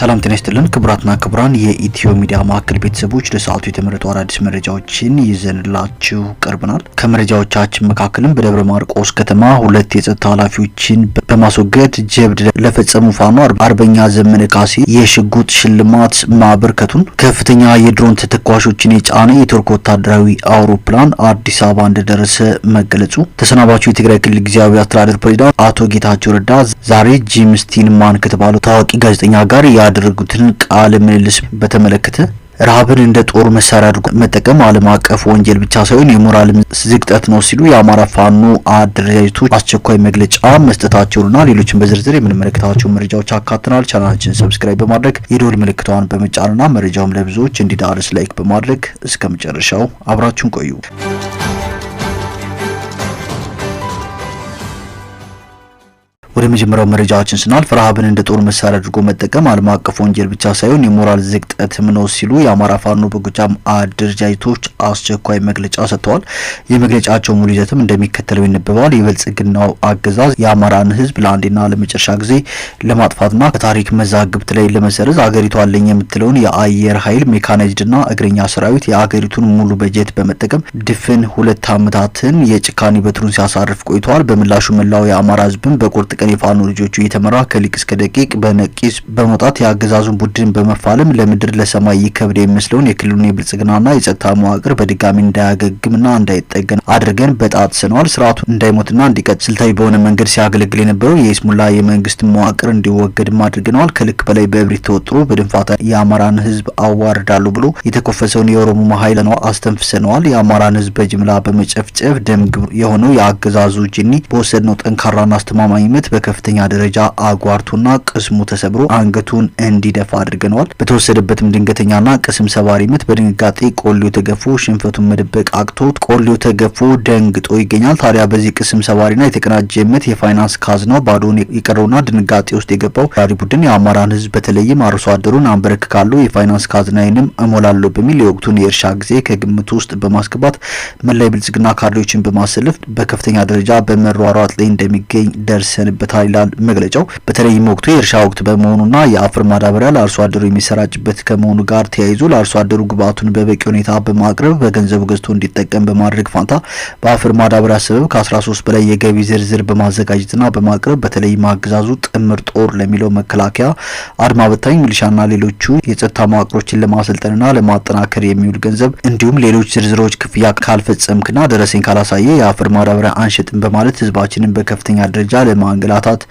ሰላም ጤና ይስጥልን ክቡራትና ክቡራን የኢትዮ ሚዲያ ማዕከል ቤተሰቦች ለሰዓቱ የተመረጡ አዳዲስ መረጃዎችን ይዘንላችሁ ቀርበናል። ከመረጃዎቻችን መካከልም በደብረ ማርቆስ ከተማ ሁለት የጸጥታ ኃላፊዎችን በማስወገድ ጀብድ ለፈጸሙ ፋኖ አርበኛ ዘመነ ካሴ የሽጉጥ ሽልማት ማበርከቱን፣ ከፍተኛ የድሮን ተተኳሾችን የጫነ የቱርክ ወታደራዊ አውሮፕላን አዲስ አበባ እንደደረሰ መገለጹ፣ ተሰናባቹ የትግራይ ክልል ጊዜያዊ አስተዳደር ፕሬዚዳንት አቶ ጌታቸው ረዳ ዛሬ ጂምስቲን ማን ከተባለው ታዋቂ ጋዜጠኛ ጋር ያ ያደረጉትን ቃለ ምልልስ በተመለከተ ረሃብን እንደ ጦር መሳሪያ አድርጎ መጠቀም ዓለም አቀፍ ወንጀል ብቻ ሳይሆን የሞራል ዝግጠት ነው ሲሉ የአማራ ፋኖ አደረጃጀቶች አስቸኳይ መግለጫ መስጠታቸውንና ሌሎችን በዝርዝር የምንመለከታቸው መረጃዎች አካትናል። ቻናላችን ሰብስክራይብ በማድረግ የደወል ምልክቷን በመጫንና መረጃውም ለብዙዎች እንዲዳርስ ላይክ በማድረግ እስከ መጨረሻው አብራችሁን ቆዩ። ወደ መጀመሪያው መረጃዎችን ስናልፍ ረሃብን እንደ ጦር መሳሪያ አድርጎ መጠቀም ዓለም አቀፍ ወንጀል ብቻ ሳይሆን የሞራል ዝቅጠትም ነው ሲሉ የአማራ ፋኖ በጎጃም አደረጃጀቶች አስቸኳይ መግለጫ ሰጥተዋል። የመግለጫቸው ሙሉ ይዘትም እንደሚከተለው ይነበባል። የብልጽግናው አገዛዝ የአማራን ሕዝብ ለአንዴና ለመጨረሻ ጊዜ ለማጥፋትና ከታሪክ መዛግብት ላይ ለመሰረዝ አገሪቱ አለኝ የምትለውን የአየር ኃይል ሜካናይዝድና እግረኛ ሰራዊት የአገሪቱን ሙሉ በጀት በመጠቀም ድፍን ሁለት ዓመታትን የጭካኔ በትሩን ሲያሳርፍ ቆይተዋል። በምላሹ መላው የአማራ ሕዝብን በቁርጥ በቀን የፋኖ ልጆቹ እየተመራ ከሊቅ እስከ ደቂቅ በነቂስ በመውጣት የአገዛዙን ቡድን በመፋለም ለምድር ለሰማይ ይከብድ የሚመስለውን የክልሉን የብልጽግናና የጸጥታ መዋቅር በድጋሚ እንዳያገግምና እንዳይጠገን አድርገን በጣት ስነዋል። ስርዓቱ እንዳይሞትና እንዲቀጥ ስልታዊ በሆነ መንገድ ሲያገለግል የነበረው የስሙላ የመንግስት መዋቅር እንዲወገድም አድርገነዋል። ከልክ በላይ በእብሪት ተወጥሮ በድንፋታ የአማራን ህዝብ አዋርዳሉ ብሎ የተኮፈሰውን የኦሮሞ ኃይል ነው አስተንፍሰነዋል። የአማራን ህዝብ በጅምላ በመጨፍጨፍ ደም ግብር የሆነው የአገዛዙ ጅኒ በወሰድነው ጠንካራና አስተማማኝነት በከፍተኛ ደረጃ አጓርቶና ቅስሙ ተሰብሮ አንገቱን እንዲደፋ አድርገነዋል። በተወሰደበትም ድንገተኛና ቅስም ሰባሪ ምት በድንጋጤ ቆሌው ተገፎ ሽንፈቱን መደበቅ አቅቶት ቆሌው ተገፎ ደንግጦ ይገኛል። ታዲያ በዚህ ቅስም ሰባሪና የተቀናጀ ምት የፋይናንስ ካዝናው ባዶን የቀረውና ድንጋጤ ውስጥ የገባው ራሪ ቡድን የአማራን ህዝብ በተለይም አርሶ አደሩን አንበረክካለሁ የፋይናንስ ካዝናይንም እሞላለሁ በሚል የወቅቱን የእርሻ ጊዜ ከግምት ውስጥ በማስገባት መላይ ብልጽግና ካድሬዎችን በማሰለፍ በከፍተኛ ደረጃ በመሯሯጥ ላይ እንደሚገኝ ደርሰን ይገኝበታል ይላል መግለጫው። በተለይም ወቅቱ የእርሻ ወቅት በመሆኑና የአፈር ማዳበሪያ ለአርሶ አደሩ የሚሰራጭበት ከመሆኑ ጋር ተያይዞ ለአርሶ አደሩ ግብአቱን በበቂ ሁኔታ በማቅረብ በገንዘቡ ገዝቶ እንዲጠቀም በማድረግ ፋንታ በአፈር ማዳበሪያ ሰበብ ከ13 በላይ የገቢ ዝርዝር በማዘጋጀትና በማቅረብ በተለይም አገዛዙ ጥምር ጦር ለሚለው መከላከያ፣ አድማ በታኝ ሚሊሻና ሌሎቹ የጸጥታ መዋቅሮችን ለማሰልጠንና ለማጠናከር የሚውል ገንዘብ እንዲሁም ሌሎች ዝርዝሮች ክፍያ ካልፈጸምክና ደረሰኝ ካላሳየ የአፈር ማዳበሪያ አንሸጥም በማለት ህዝባችንን በከፍተኛ ደረጃ ለማንገ ጥናታት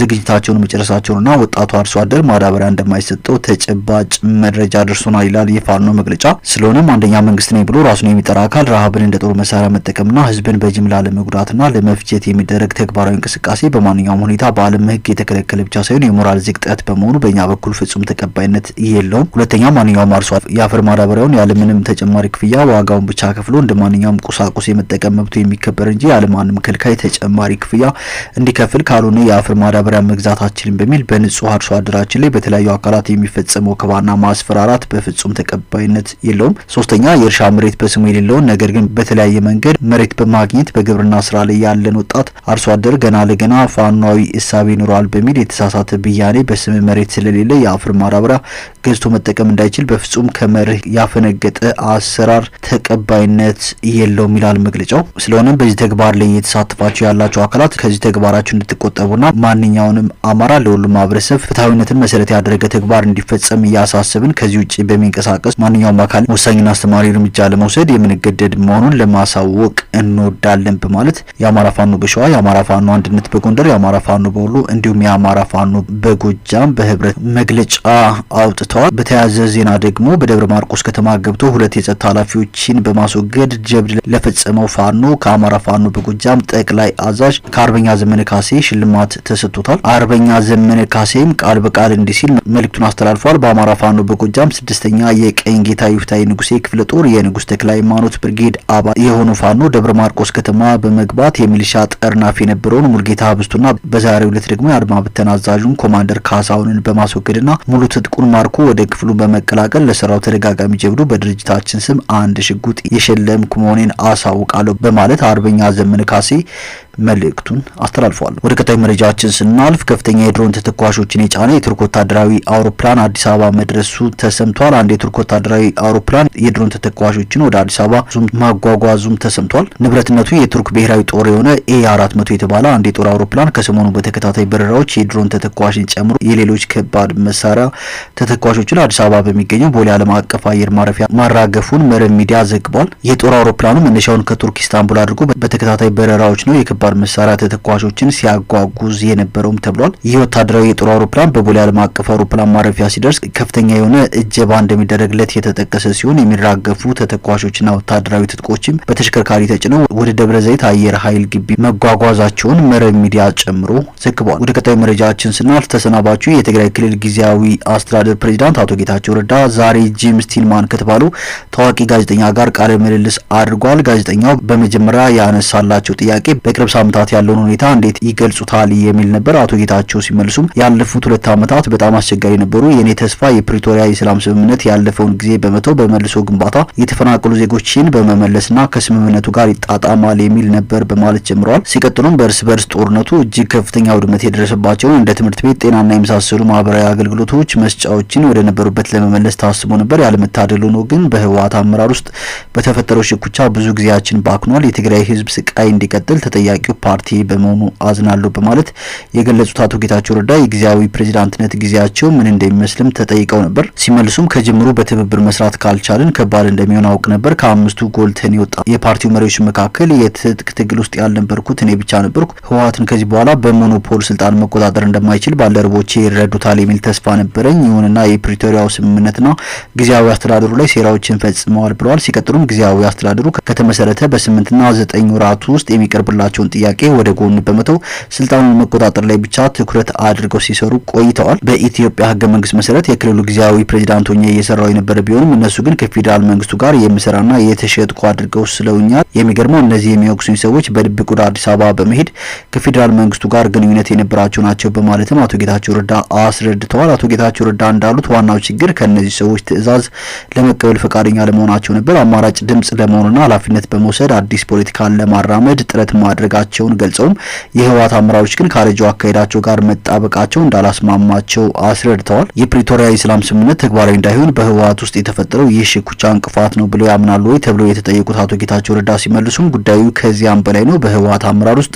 ዝግጅታቸውን መጨረሳቸውንና ወጣቱ አርሶ አደር ማዳበሪያ እንደማይሰጠው ተጨባጭ መረጃ ደርሶናል ይላል የፋኖ መግለጫ። ስለሆነም አንደኛ መንግስት ነኝ ብሎ ራሱን የሚጠራ አካል ረሃብን እንደ ጦር መሳሪያ መጠቀምና ህዝብን በጅምላ ለመጉዳትና ለመፍጀት የሚደረግ ተግባራዊ እንቅስቃሴ በማንኛውም ሁኔታ በዓለም ህግ የተከለከለ ብቻ ሳይሆን የሞራል ዝቅጠት በመሆኑ በእኛ በኩል ፍጹም ተቀባይነት የለውም። ሁለተኛ ማንኛውም አርሶ የአፈር ማዳበሪያውን ያለምንም ተጨማሪ ክፍያ ዋጋውን ብቻ ከፍሎ እንደ ማንኛውም ቁሳቁስ የመጠቀም መብቱ የሚከበር እንጂ ያለማንም ከልካይ ተጨማሪ ክፍያ እንዲከፍል ካልሆነ የአፈር ማዳበሪያ መግዛታችንን በሚል በንጹህ አርሶ አደራችን ላይ በተለያዩ አካላት የሚፈጸመው ከበባና ማስፈራራት በፍጹም ተቀባይነት የለውም። ሶስተኛ የእርሻ መሬት በስሙ የሌለውን ነገር ግን በተለያየ መንገድ መሬት በማግኘት በግብርና ስራ ላይ ያለን ወጣት አርሶ አደር ገና ለገና ፋኗዊ እሳቤ ይኖረዋል በሚል የተሳሳተ ብያኔ በስም መሬት ስለሌለ የአፈር ማዳበሪያ ገዝቶ መጠቀም እንዳይችል በፍጹም ከመርህ ያፈነገጠ አሰራር ተቀባይነት የለውም ይላል መግለጫው። ስለሆነም በዚህ ተግባር ላይ የተሳተፋችሁ ያላቸው አካላት ከዚህ ተግባራችሁ እንድትቆ እንዲቆጠቡና ማንኛውንም አማራ ለሁሉም ማህበረሰብ ፍትሐዊነትን መሰረት ያደረገ ተግባር እንዲፈጸም እያሳሰብን ከዚህ ውጭ በሚንቀሳቀስ ማንኛውም አካል ወሳኝና አስተማሪ እርምጃ ለመውሰድ የምንገደድ መሆኑን ለማሳወቅ እንወዳለን በማለት የአማራ ፋኖ በሸዋ፣ የአማራ ፋኖ አንድነት በጎንደር፣ የአማራ ፋኖ በወሎ እንዲሁም የአማራ ፋኖ በጎጃም በህብረት መግለጫ አውጥተዋል። በተያያዘ ዜና ደግሞ በደብረ ማርቆስ ከተማ ገብቶ ሁለት የጸጥታ ኃላፊዎችን በማስወገድ ጀብድ ለፈጸመው ፋኖ ከአማራ ፋኖ በጎጃም ጠቅላይ አዛዥ ከአርበኛ ዘመነ ካሴ ሽልማት ተሰጥቶታል። አርበኛ ዘመነ ካሴም ቃል በቃል እንዲህ ሲል መልእክቱን አስተላልፏል። በአማራ ፋኖ በጎጃም ስድስተኛ የቀኝ ጌታ ይፍታይ ንጉሴ ክፍለ ጦር የንጉስ ተክለ ሃይማኖት ብርጌድ አባል የሆኑ ፋኖ ደብረ ማርቆስ ከተማ በመግባት የሚሊሻ ጠርናፍ የነበረውን ሙልጌታ ህብስቱና በዛሬው ዕለት ደግሞ የአድማ ብተና አዛዡን ኮማንደር ካሳሁንን በማስወገድና ሙሉ ትጥቁን ማርኮ ወደ ክፍሉ በመቀላቀል ለሰራው ተደጋጋሚ ጀብዱ በድርጅታችን ስም አንድ ሽጉጥ የሸለምኩ መሆኔን አሳውቃለሁ በማለት አርበኛ ዘመነ ካሴ መልእክቱን አስተላልፏል። ወደ ቀጣዩ መረጃችን ስናልፍ ከፍተኛ የድሮን ተተኳሾችን የጫነ የቱርክ ወታደራዊ አውሮፕላን አዲስ አበባ መድረሱ ተሰምቷል። አንድ የቱርክ ወታደራዊ አውሮፕላን የድሮን ተተኳሾችን ወደ አዲስ አበባ ማጓጓዙም ተሰምቷል። ንብረትነቱ የቱርክ ብሔራዊ ጦር የሆነ ኤ አራት መቶ የተባለ አንድ የጦር አውሮፕላን ከሰሞኑ በተከታታይ በረራዎች የድሮን ተተኳሽን ጨምሮ የሌሎች ከባድ መሳሪያ ተተኳሾችን አዲስ አበባ በሚገኘው ቦሌ ዓለም አቀፍ አየር ማረፊያ ማራገፉን መረብ ሚዲያ ዘግቧል። የጦር አውሮፕላኑ መነሻውን ከቱርክ ኢስታንቡል አድርጎ በተከታታይ በረራዎች ነው ከባድ መሳሪያ ተተኳሾችን ሲያጓጉዝ የነበረውም ተብሏል። ይህ ወታደራዊ የጦር አውሮፕላን በቦሌ ዓለም አቀፍ አውሮፕላን ማረፊያ ሲደርስ ከፍተኛ የሆነ እጀባ እንደሚደረግለት የተጠቀሰ ሲሆን የሚራገፉ ተተኳሾችና ወታደራዊ ትጥቆችም በተሽከርካሪ ተጭነው ወደ ደብረ ዘይት አየር ኃይል ግቢ መጓጓዛቸውን መረብ ሚዲያ ጨምሮ ዘግቧል። ወደ ቀጣዩ መረጃችን ስናልፍ ተሰናባቹ የትግራይ ክልል ጊዜያዊ አስተዳደር ፕሬዚዳንት አቶ ጌታቸው ረዳ ዛሬ ጂም ቲንማን ከተባሉ ታዋቂ ጋዜጠኛ ጋር ቃለ ምልልስ አድርጓል። ጋዜጠኛው በመጀመሪያ ያነሳላቸው ጥያቄ በቅርብ ሶስት ዓመታት ያለውን ሁኔታ እንዴት ይገልጹታል የሚል ነበር። አቶ ጌታቸው ሲመልሱም ያለፉት ሁለት ዓመታት በጣም አስቸጋሪ ነበሩ። የእኔ ተስፋ የፕሪቶሪያ የሰላም ስምምነት ያለፈውን ጊዜ በመተው በመልሶ ግንባታ የተፈናቀሉ ዜጎችን በመመለስና ከስምምነቱ ጋር ይጣጣማል የሚል ነበር በማለት ጀምረዋል። ሲቀጥሉም በእርስ በርስ ጦርነቱ እጅግ ከፍተኛ ውድመት የደረሰባቸውን እንደ ትምህርት ቤት፣ ጤናና የመሳሰሉ ማህበራዊ አገልግሎቶች መስጫዎችን ወደ ነበሩበት ለመመለስ ታስቦ ነበር። ያለመታደሉ ነው ግን በህወሓት አመራር ውስጥ በተፈጠረው ሽኩቻ ብዙ ጊዜያችን ባክኗል። የትግራይ ህዝብ ስቃይ እንዲቀጥል ተጠያቂ ተጠያቂው ፓርቲ በመሆኑ አዝናለሁ በማለት የገለጹት አቶ ጌታቸው ረዳ የጊዜያዊ ፕሬዚዳንትነት ጊዜያቸው ምን እንደሚመስልም ተጠይቀው ነበር። ሲመልሱም ከጅምሩ በትብብር መስራት ካልቻልን ከባድ እንደሚሆን አውቅ ነበር። ከአምስቱ ጎልተን የወጣ የፓርቲው መሪዎች መካከል የትጥቅ ትግል ውስጥ ያልነበርኩት እኔ ብቻ ነበርኩ። ህወሀትን ከዚህ በኋላ በሞኖፖል ስልጣን መቆጣጠር እንደማይችል ባልደረቦቼ ይረዱታል የሚል ተስፋ ነበረኝ። ይሁንና የፕሪቶሪያው ስምምነትና ጊዜያዊ አስተዳደሩ ላይ ሴራዎችን ፈጽመዋል ብለዋል። ሲቀጥሉም ጊዜያዊ አስተዳደሩ ከተመሰረተ በስምንትና ዘጠኝ ወራቱ ውስጥ የሚቀርብላቸውን ጥያቄ ወደ ጎን በመተው ስልጣኑን መቆጣጠር ላይ ብቻ ትኩረት አድርገው ሲሰሩ ቆይተዋል። በኢትዮጵያ ህገ መንግስት መሰረት የክልሉ ጊዜያዊ ፕሬዚዳንት ሆኜ እየሰራው የነበረ ቢሆንም እነሱ ግን ከፌዴራል መንግስቱ ጋር የምሰራና የተሸጥኩ አድርገው ስለውኛል። የሚገርመው እነዚህ የሚወቅሱኝ ሰዎች በድብቅ ወደ አዲስ አበባ በመሄድ ከፌዴራል መንግስቱ ጋር ግንኙነት የነበራቸው ናቸው በማለትም አቶ ጌታቸው ረዳ አስረድተዋል። አቶ ጌታቸው ረዳ እንዳሉት ዋናው ችግር ከእነዚህ ሰዎች ትዕዛዝ ለመቀበል ፈቃደኛ ለመሆናቸው ነበር። አማራጭ ድምጽ ለመሆንና ኃላፊነት በመውሰድ አዲስ ፖለቲካን ለማራመድ ጥረት ማድረጋ። መግለጻቸውን ገልጸውም የህወሓት አመራሮች ግን ካረጃው አካሄዳቸው ጋር መጣበቃቸው እንዳላስማማቸው አስረድተዋል። የፕሪቶሪያ የሰላም ስምምነት ተግባራዊ እንዳይሆን በህወሓት ውስጥ የተፈጠረው ይህ ሽኩቻ እንቅፋት ነው ብለው ያምናሉ ወይ ተብለው የተጠየቁት አቶ ጌታቸው ረዳ ሲመልሱም ጉዳዩ ከዚያም በላይ ነው። በህወሓት አመራር ውስጥ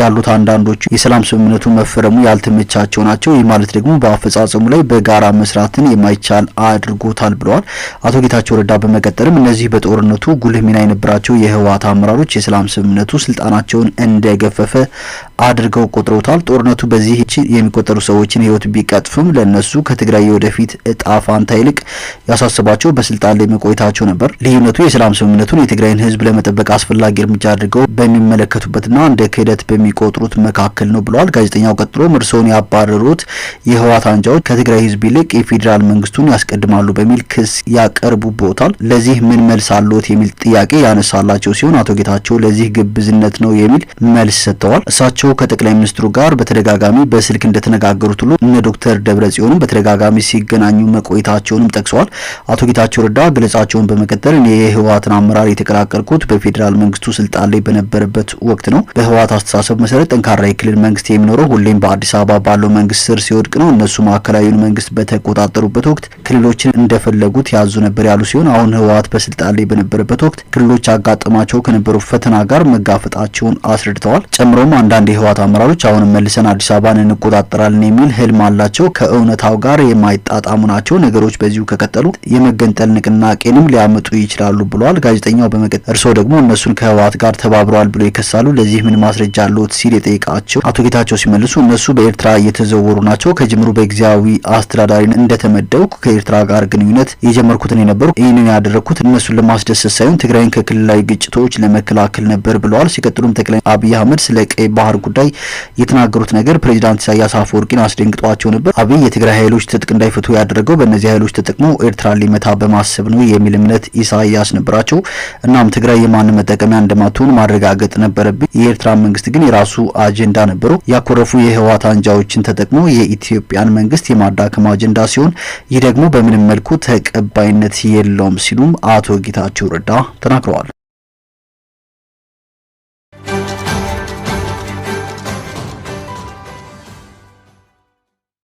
ያሉት አንዳንዶቹ የሰላም ስምምነቱ መፈረሙ ያልተመቻቸው ናቸው። ይህ ማለት ደግሞ በአፈጻጸሙ ላይ በጋራ መስራትን የማይቻል አድርጎታል ብለዋል። አቶ ጌታቸው ረዳ በመቀጠልም እነዚህ በጦርነቱ ጉልህ ሚና የነበራቸው የህወሓት አመራሮች የሰላም ስምምነቱ ስልጣናቸውን እንደገፈፈ አድርገው ቆጥረውታል። ጦርነቱ በዚህ የሚቆጠሩ ሰዎችን ህይወት ቢቀጥፍም ለነሱ ከትግራይ የወደፊት እጣ ፋንታ ይልቅ ያሳስባቸው በስልጣን ላይ መቆየታቸው ነበር። ልዩነቱ የሰላም ስምምነቱን የትግራይን ህዝብ ለመጠበቅ አስፈላጊ እርምጃ አድርገው በሚመለከቱበትና እንደ ክህደት በሚቆጥሩት መካከል ነው ብለዋል። ጋዜጠኛው ቀጥሎ እርስዎን ያባረሩት የህወሓት አንጃዎች ከትግራይ ህዝብ ይልቅ የፌዴራል መንግስቱን ያስቀድማሉ በሚል ክስ ያቀርቡቦታል። ለዚህ ምን መልስ አለዎት የሚል ጥያቄ ያነሳላቸው ሲሆን አቶ ጌታቸው ለዚህ ግብዝነት ነው የሚል መልስ ሰጥተዋል። እሳቸው ከጠቅላይ ሚኒስትሩ ጋር በተደጋጋሚ በስልክ እንደተነጋገሩት ሁሉ እነ ዶክተር ደብረ ጽዮንም በተደጋጋሚ ሲገናኙ መቆየታቸውንም ጠቅሰዋል። አቶ ጌታቸው ረዳ ገለጻቸውን በመቀጠል እኔ የህወሀትን አመራር የተቀላቀልኩት በፌዴራል መንግስቱ ስልጣን ላይ በነበረበት ወቅት ነው። በህወሀት አስተሳሰብ መሰረት ጠንካራ የክልል መንግስት የሚኖረው ሁሌም በአዲስ አበባ ባለው መንግስት ስር ሲወድቅ ነው። እነሱ ማዕከላዊውን መንግስት በተቆጣጠሩበት ወቅት ክልሎችን እንደፈለጉት ያዙ ነበር ያሉ ሲሆን አሁን ህወሀት በስልጣን ላይ በነበረበት ወቅት ክልሎች አጋጠማቸው ከነበሩ ፈተና ጋር መጋፈጣቸውን አስ አስረድተዋል። ጨምሮም አንዳንድ የህወሓት አመራሮች አሁንም መልሰን አዲስ አበባን እንቆጣጠራለን የሚል ህልም አላቸው፣ ከእውነታው ጋር የማይጣጣሙ ናቸው። ነገሮች በዚሁ ከቀጠሉ የመገንጠል ንቅናቄንም ሊያመጡ ይችላሉ ብለዋል። ጋዜጠኛው በመቀጠል እርስዎ ደግሞ እነሱን ከህወሓት ጋር ተባብረዋል ብሎ ይከሳሉ፣ ለዚህ ምን ማስረጃ አለዎት ሲል የጠየቃቸው አቶ ጌታቸው ሲመልሱ እነሱ በኤርትራ እየተዘወሩ ናቸው፣ ከጅምሩ በጊዜያዊ አስተዳዳሪ እንደተመደቡ ከኤርትራ ጋር ግንኙነት የጀመርኩትን የነበሩ ይህንን ያደረግኩት እነሱን ለማስደሰት ሳይሆን ትግራይን ከክልላዊ ግጭቶች ለመከላከል ነበር ብለዋል። ሲቀጥሉም ጠቅላይ አብይ አህመድ ስለ ቀይ ባህር ጉዳይ የተናገሩት ነገር ፕሬዚዳንት ኢሳያስ አፈወርቂን አስደንግጧቸው ነበር። አብይ የትግራይ ኃይሎች ትጥቅ እንዳይፈቱ ያደረገው በእነዚህ ኃይሎች ተጠቅሞ ኤርትራ ሊመታ በማሰብ ነው የሚል እምነት ኢሳያስ ነበራቸው። እናም ትግራይ የማን መጠቀሚያ እንደማትሆን ማረጋገጥ ነበረብኝ። የኤርትራ መንግስት ግን የራሱ አጀንዳ ነበረው። ያኮረፉ የህወሓት አንጃዎችን ተጠቅሞ የኢትዮጵያን መንግስት የማዳከም አጀንዳ ሲሆን ይህ ደግሞ በምንም መልኩ ተቀባይነት የለውም ሲሉም አቶ ጌታቸው ረዳ ተናግረዋል።